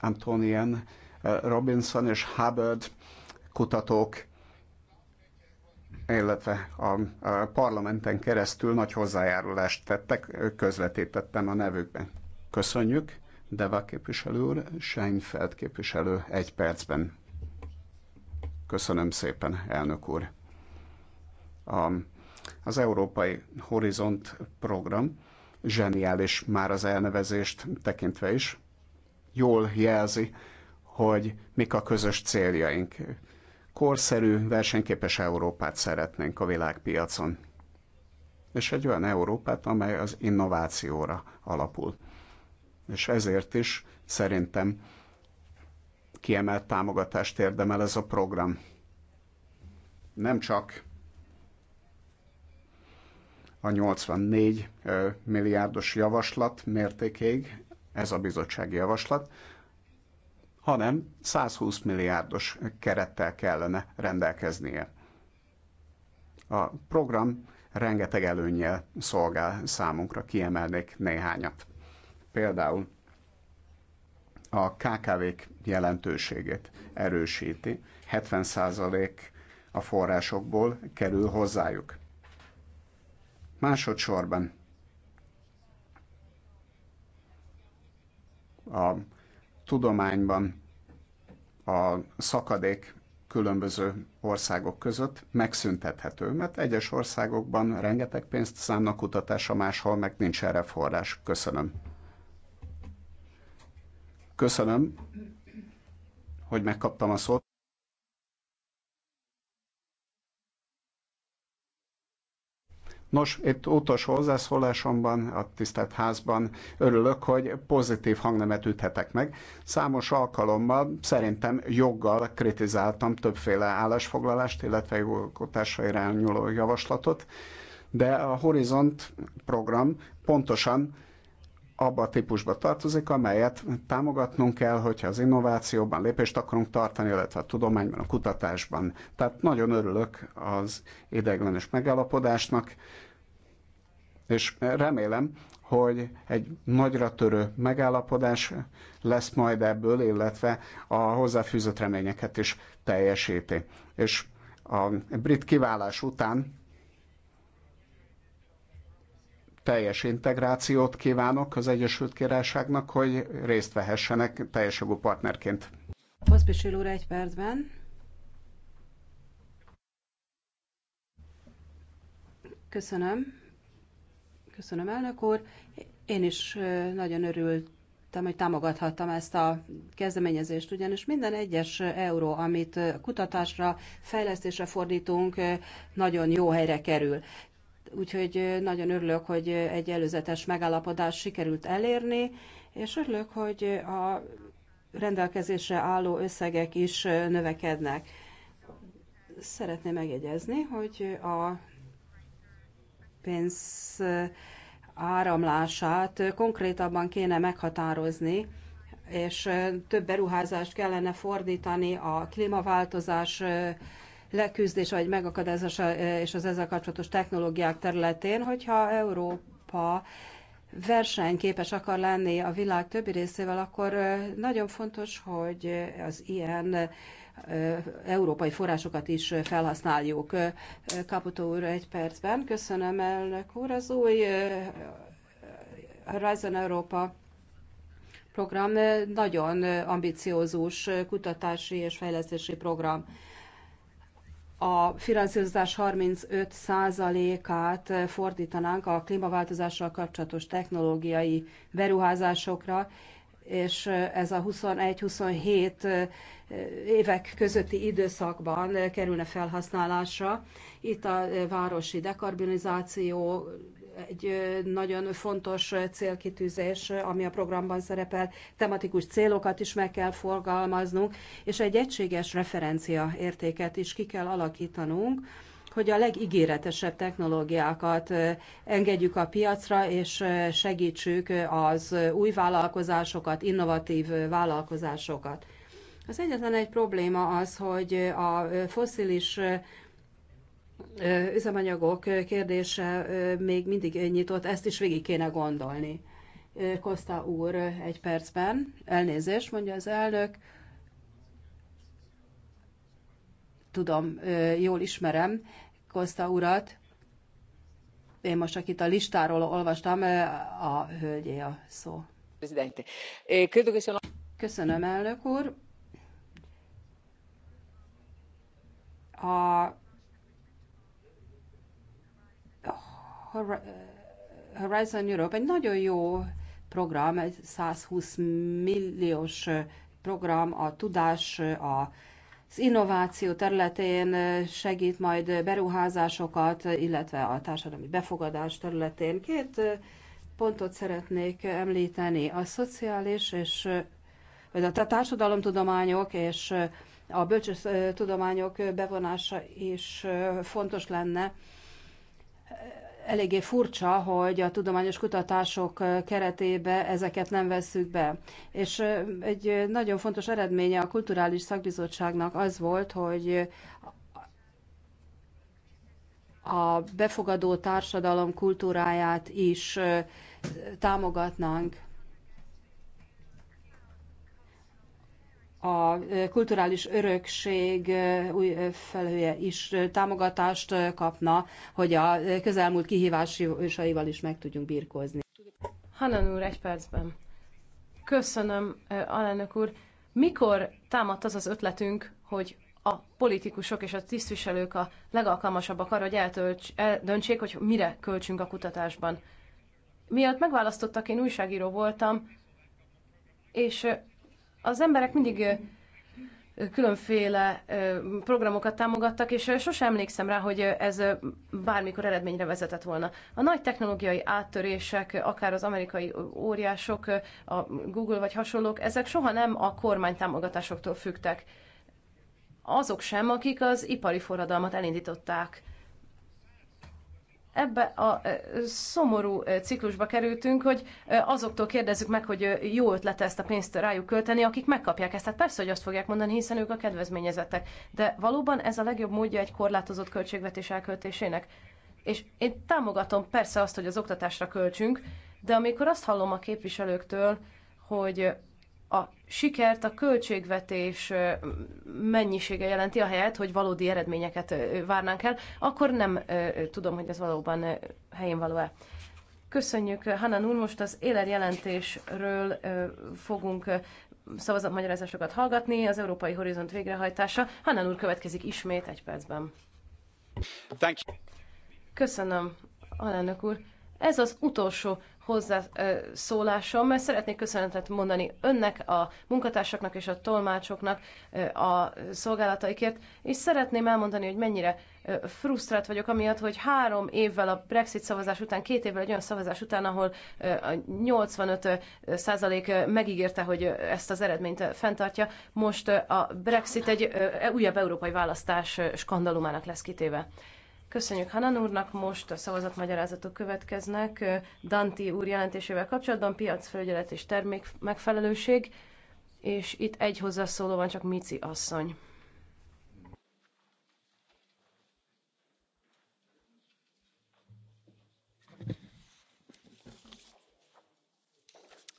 Antonian, uh, Robinson és Hubbard kutatók, illetve a, parlamenten keresztül nagy hozzájárulást tettek, közvetítettem a nevükben. Köszönjük, Deva képviselő úr, Seinfeld képviselő egy percben. Köszönöm szépen, elnök úr. A, az Európai Horizont program zseniális már az elnevezést tekintve is. Jól jelzi, hogy mik a közös céljaink. Korszerű, versenyképes Európát szeretnénk a világpiacon. És egy olyan Európát, amely az innovációra alapul. És ezért is szerintem kiemelt támogatást érdemel ez a program. Nem csak a 84 milliárdos javaslat mértékéig, ez a bizottsági javaslat, hanem 120 milliárdos kerettel kellene rendelkeznie. A program rengeteg előnyel szolgál számunkra, kiemelnék néhányat. Például a KKV-k jelentőségét erősíti. 70% a forrásokból kerül hozzájuk. Másodszorban a tudományban a szakadék különböző országok között megszüntethető, mert egyes országokban rengeteg pénzt számnak kutatása, máshol meg nincs erre forrás. Köszönöm. Köszönöm, hogy megkaptam a szót. Nos, itt utolsó hozzászólásomban, a tisztelt házban örülök, hogy pozitív hangnemet üthetek meg. Számos alkalommal szerintem joggal kritizáltam többféle állásfoglalást, illetve jogalkotásra irányuló javaslatot, de a Horizont program pontosan abba a típusba tartozik, amelyet támogatnunk kell, hogyha az innovációban lépést akarunk tartani, illetve a tudományban, a kutatásban. Tehát nagyon örülök az ideiglenes megállapodásnak, és remélem, hogy egy nagyra törő megállapodás lesz majd ebből, illetve a hozzáfűzött reményeket is teljesíti. És a brit kiválás után teljes integrációt kívánok az Egyesült Királyságnak, hogy részt vehessenek teljes jogú partnerként. Poszpisil úr egy percben. Köszönöm. Köszönöm, elnök úr. Én is nagyon örültem, hogy támogathattam ezt a kezdeményezést, ugyanis minden egyes euró, amit kutatásra, fejlesztésre fordítunk, nagyon jó helyre kerül. Úgyhogy nagyon örülök, hogy egy előzetes megállapodás sikerült elérni, és örülök, hogy a rendelkezésre álló összegek is növekednek. Szeretném megjegyezni, hogy a pénz áramlását konkrétabban kéne meghatározni, és több beruházást kellene fordítani a klímaváltozás Leküzdés vagy megakadályozása és az ezzel kapcsolatos technológiák területén, hogyha Európa versenyképes akar lenni a világ többi részével, akkor nagyon fontos, hogy az ilyen európai forrásokat is felhasználjuk. Kaputó úr egy percben. Köszönöm elnök úr. Az új Horizon Európa program nagyon ambiciózus kutatási és fejlesztési program a finanszírozás 35%-át fordítanánk a klímaváltozással kapcsolatos technológiai beruházásokra, és ez a 21-27 évek közötti időszakban kerülne felhasználásra. Itt a városi dekarbonizáció egy nagyon fontos célkitűzés, ami a programban szerepel, tematikus célokat is meg kell forgalmaznunk, és egy egységes referencia értéket is ki kell alakítanunk, hogy a legígéretesebb technológiákat engedjük a piacra, és segítsük az új vállalkozásokat, innovatív vállalkozásokat. Az egyetlen egy probléma az, hogy a foszilis üzemanyagok kérdése még mindig nyitott, ezt is végig kéne gondolni. Kosta úr egy percben, elnézést mondja az elnök, tudom, jól ismerem Kosta urat, én most akit a listáról olvastam, a hölgyé a szó. Köszönöm, elnök úr. A Horizon Europe egy nagyon jó program, egy 120 milliós program a tudás, a az innováció területén segít majd beruházásokat, illetve a társadalmi befogadás területén. Két pontot szeretnék említeni. A szociális és vagy a társadalomtudományok és a bölcsös tudományok bevonása is fontos lenne eléggé furcsa, hogy a tudományos kutatások keretébe ezeket nem vesszük be. És egy nagyon fontos eredménye a Kulturális Szakbizottságnak az volt, hogy a befogadó társadalom kultúráját is támogatnánk. a kulturális örökség új felhője is támogatást kapna, hogy a közelmúlt kihívásaival is meg tudjunk birkózni. Hanan úr, egy percben. Köszönöm, alelnök úr. Mikor támadt az az ötletünk, hogy a politikusok és a tisztviselők a legalkalmasabbak arra, hogy eltölts, eldöntsék, hogy mire költsünk a kutatásban? Miatt megválasztottak, én újságíró voltam, és az emberek mindig különféle programokat támogattak, és sosem emlékszem rá, hogy ez bármikor eredményre vezetett volna. A nagy technológiai áttörések, akár az amerikai óriások, a Google vagy hasonlók, ezek soha nem a kormány támogatásoktól függtek. Azok sem, akik az ipari forradalmat elindították ebbe a szomorú ciklusba kerültünk, hogy azoktól kérdezzük meg, hogy jó ötlet ezt a pénzt rájuk költeni, akik megkapják ezt. Tehát persze, hogy azt fogják mondani, hiszen ők a kedvezményezettek. De valóban ez a legjobb módja egy korlátozott költségvetés elköltésének. És én támogatom persze azt, hogy az oktatásra költsünk, de amikor azt hallom a képviselőktől, hogy a sikert a költségvetés mennyisége jelenti, ahelyett, hogy valódi eredményeket várnánk el, akkor nem tudom, hogy ez valóban helyén való-e. Köszönjük, Hanan úr, most az éler jelentésről fogunk szavazatmagyarázásokat hallgatni, az Európai Horizont végrehajtása. Hanan úr következik ismét egy percben. Thank you. Köszönöm, alelnök úr. Ez az utolsó hozzászólásom, mert szeretnék köszönetet mondani önnek, a munkatársaknak és a tolmácsoknak a szolgálataikért, és szeretném elmondani, hogy mennyire frusztrált vagyok amiatt, hogy három évvel a Brexit szavazás után, két évvel egy olyan szavazás után, ahol a 85 százalék megígérte, hogy ezt az eredményt fenntartja, most a Brexit egy e, újabb európai választás skandalumának lesz kitéve. Köszönjük Hanan úrnak, most a szavazatmagyarázatok következnek. Danti úr jelentésével kapcsolatban piacfelügyelet és termék megfelelőség, és itt egy hozzászóló van, csak Mici asszony.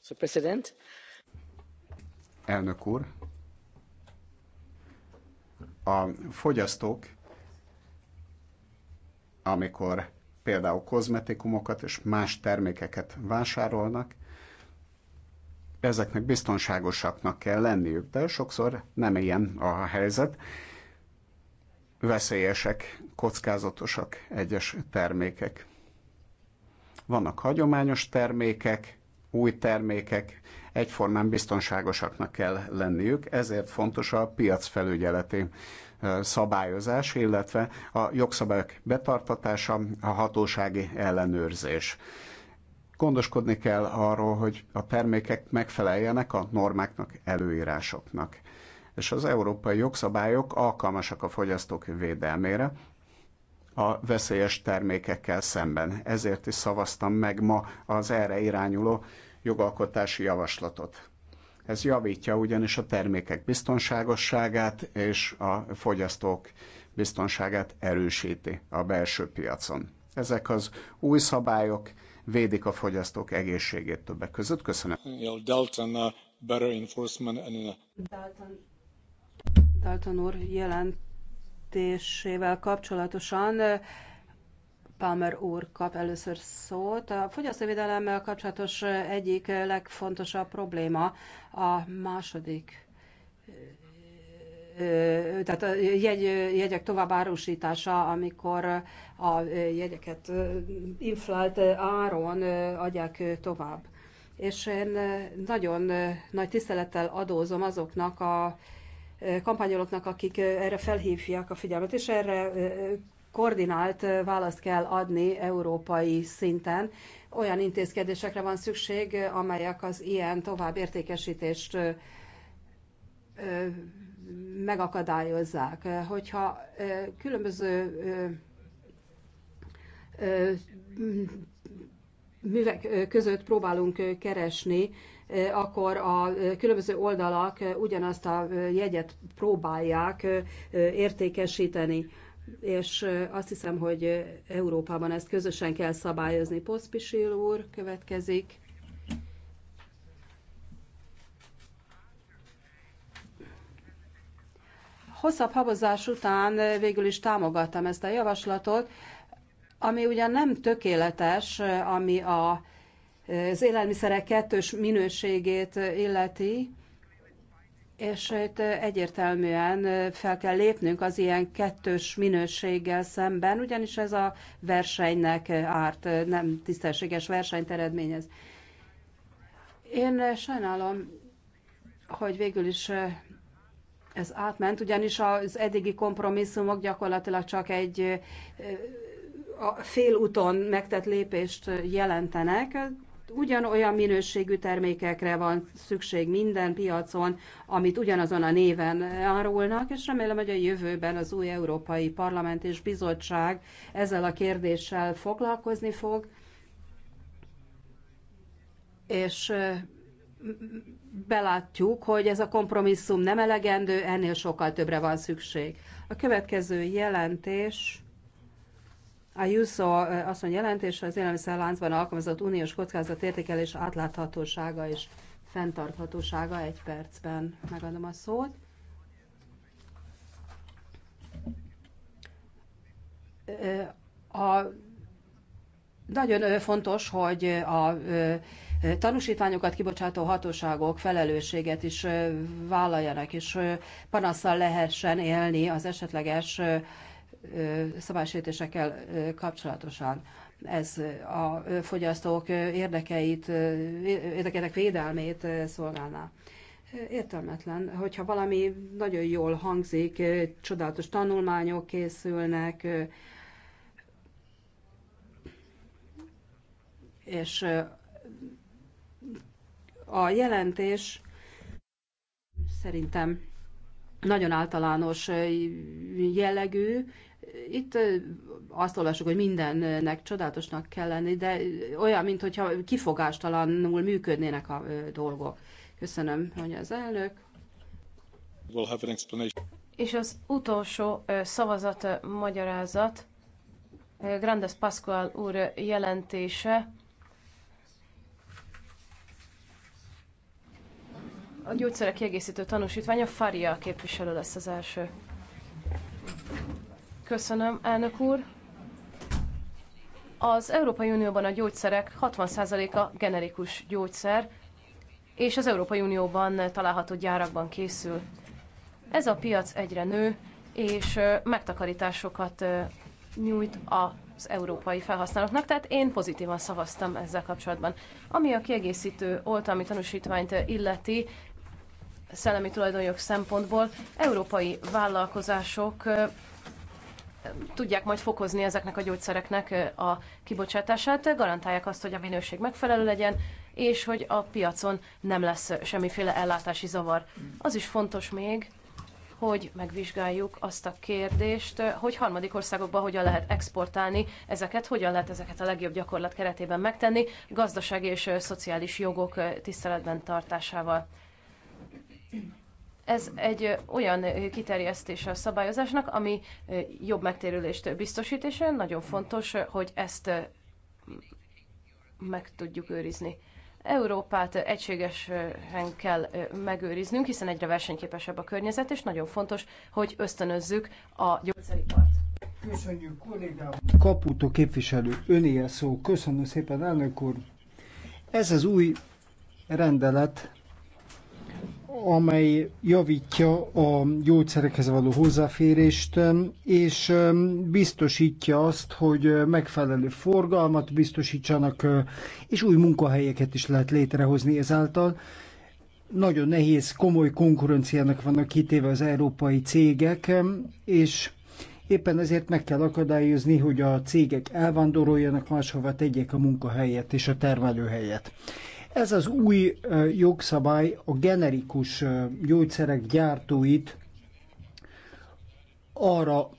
So, President. Elnök úr, a fogyasztók amikor például kozmetikumokat és más termékeket vásárolnak, ezeknek biztonságosaknak kell lenniük, de sokszor nem ilyen a helyzet. Veszélyesek, kockázatosak egyes termékek. Vannak hagyományos termékek, új termékek, egyformán biztonságosaknak kell lenniük, ezért fontos a piacfelügyeleti szabályozás, illetve a jogszabályok betartatása, a hatósági ellenőrzés. Gondoskodni kell arról, hogy a termékek megfeleljenek a normáknak, előírásoknak. És az európai jogszabályok alkalmasak a fogyasztók védelmére, a veszélyes termékekkel szemben. Ezért is szavaztam meg ma az erre irányuló jogalkotási javaslatot. Ez javítja ugyanis a termékek biztonságosságát és a fogyasztók biztonságát erősíti a belső piacon. Ezek az új szabályok védik a fogyasztók egészségét többek között. Köszönöm. Dalton, better enforcement and... Dalton, Dalton úr jelentésével kapcsolatosan Palmer úr kap először szót. A fogyasztóvédelemmel kapcsolatos egyik legfontosabb probléma a második tehát a jegy, jegyek továbbárusítása, amikor a jegyeket inflált áron adják tovább. És én nagyon nagy tisztelettel adózom azoknak a kampányolóknak, akik erre felhívják a figyelmet, és erre koordinált választ kell adni európai szinten. Olyan intézkedésekre van szükség, amelyek az ilyen továbbértékesítést megakadályozzák. Hogyha különböző művek között próbálunk keresni, akkor a különböző oldalak ugyanazt a jegyet próbálják értékesíteni és azt hiszem, hogy Európában ezt közösen kell szabályozni. Poszpisil úr következik. Hosszabb habozás után végül is támogattam ezt a javaslatot, ami ugyan nem tökéletes, ami a, az élelmiszerek kettős minőségét illeti, és itt egyértelműen fel kell lépnünk az ilyen kettős minőséggel szemben, ugyanis ez a versenynek árt, nem tisztességes versenyt eredményez. Én sajnálom, hogy végül is ez átment, ugyanis az eddigi kompromisszumok gyakorlatilag csak egy a úton megtett lépést jelentenek ugyanolyan minőségű termékekre van szükség minden piacon, amit ugyanazon a néven árulnak, és remélem, hogy a jövőben az új Európai Parlament és Bizottság ezzel a kérdéssel foglalkozni fog, és belátjuk, hogy ez a kompromisszum nem elegendő, ennél sokkal többre van szükség. A következő jelentés a mondja eh, jelentés, hogy az élelmiszerláncban alkalmazott uniós kockázat értékelés átláthatósága és fenntarthatósága egy percben. Megadom a szót. Eh, a, nagyon eh, fontos, hogy a tanúsítványokat kibocsátó hatóságok felelősséget is vállaljanak, és panaszsal lehessen élni az esetleges szabálysértésekkel kapcsolatosan. Ez a fogyasztók érdekeit, érdekeinek védelmét szolgálná. Értelmetlen, hogyha valami nagyon jól hangzik, csodálatos tanulmányok készülnek, és a jelentés szerintem nagyon általános jellegű, itt azt olvasok, hogy mindennek csodálatosnak kell lenni, de olyan, mintha kifogástalanul működnének a dolgok. Köszönöm, hogy az elnök. We'll have an explanation. És az utolsó szavazat magyarázat, Grandes Pascual úr jelentése, a gyógyszerek kiegészítő tanúsítványa, Faria képviselő lesz az első. Köszönöm, elnök úr. Az Európai Unióban a gyógyszerek 60%-a generikus gyógyszer, és az Európai Unióban található gyárakban készül. Ez a piac egyre nő, és megtakarításokat nyújt az európai felhasználóknak, tehát én pozitívan szavaztam ezzel kapcsolatban. Ami a kiegészítő oltalmi tanúsítványt illeti, szellemi tulajdonjog szempontból európai vállalkozások tudják majd fokozni ezeknek a gyógyszereknek a kibocsátását, garantálják azt, hogy a minőség megfelelő legyen, és hogy a piacon nem lesz semmiféle ellátási zavar. Az is fontos még, hogy megvizsgáljuk azt a kérdést, hogy harmadik országokba hogyan lehet exportálni ezeket, hogyan lehet ezeket a legjobb gyakorlat keretében megtenni, gazdasági és szociális jogok tiszteletben tartásával. Ez egy olyan kiterjesztése a szabályozásnak, ami jobb megtérülést biztosít, és nagyon fontos, hogy ezt meg tudjuk őrizni. Európát egységesen kell megőriznünk, hiszen egyre versenyképesebb a környezet, és nagyon fontos, hogy ösztönözzük a gyógyszeripart. Köszönjük kollégám! Kaputó képviselő, önél szó. Köszönöm szépen, elnök úr! Ez az új rendelet amely javítja a gyógyszerekhez való hozzáférést, um, és um, biztosítja azt, hogy uh, megfelelő forgalmat biztosítsanak, uh, és új munkahelyeket is lehet létrehozni ezáltal. Nagyon nehéz, komoly konkurenciának vannak kitéve az európai cégek, um, és éppen ezért meg kell akadályozni, hogy a cégek elvándoroljanak, máshova tegyék a munkahelyet és a termelőhelyet. Ez az új jogszabály a generikus gyógyszerek gyártóit arra,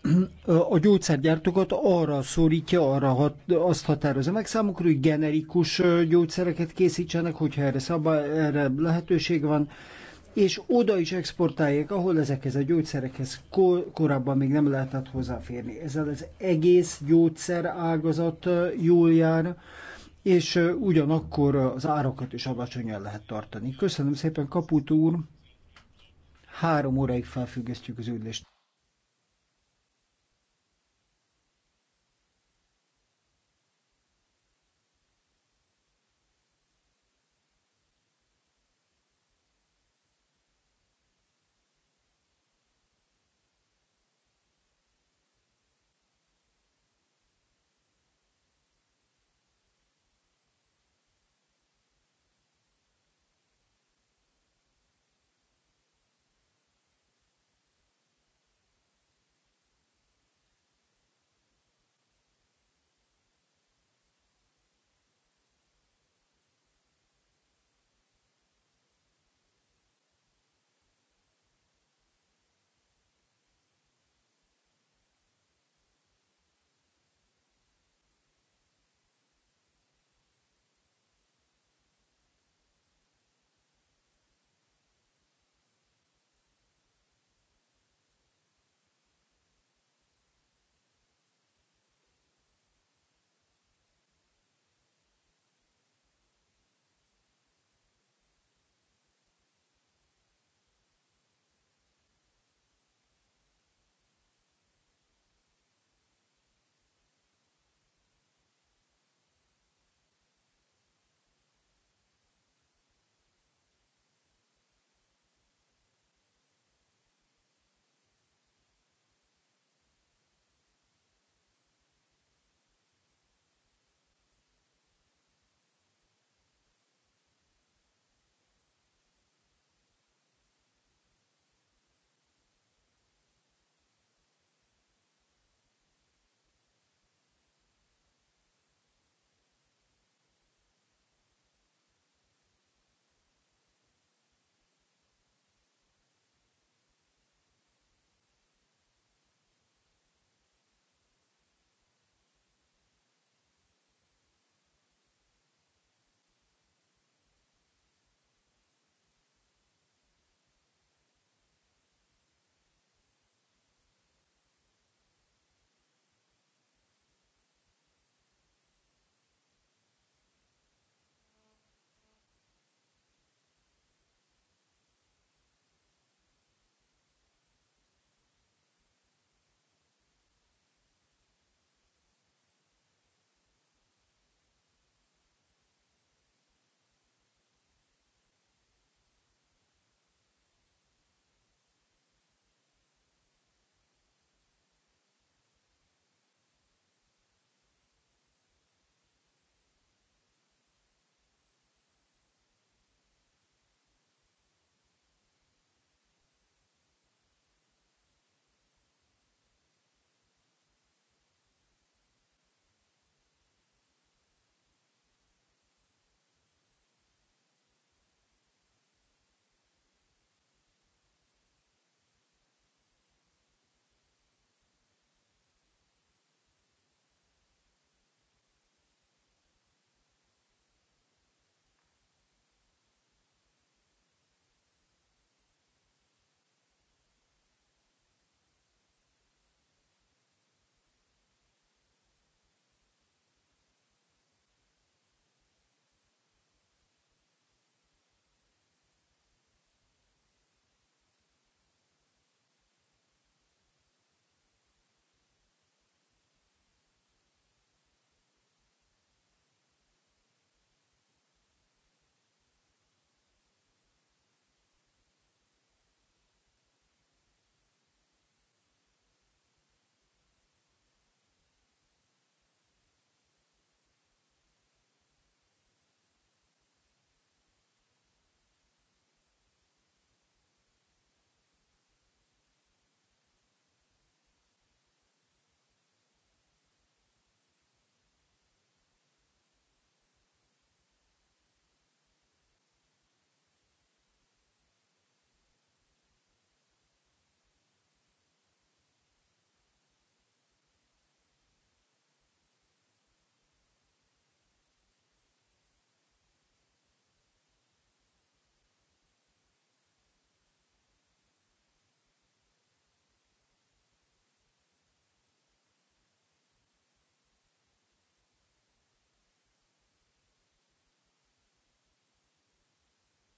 a gyógyszergyártókat arra szólítja, arra hat, azt határozza meg számukra, hogy generikus gyógyszereket készítsenek, hogyha erre, szabály, erre lehetőség van, és oda is exportálják, ahol ezekhez a gyógyszerekhez kor, korábban még nem lehetett hozzáférni. Ezzel az egész gyógyszer ágazat jól jár, és ugyanakkor az árakat is alacsonyan lehet tartani. Köszönöm szépen, Kaputó úr! Három óráig felfüggesztjük az ülést.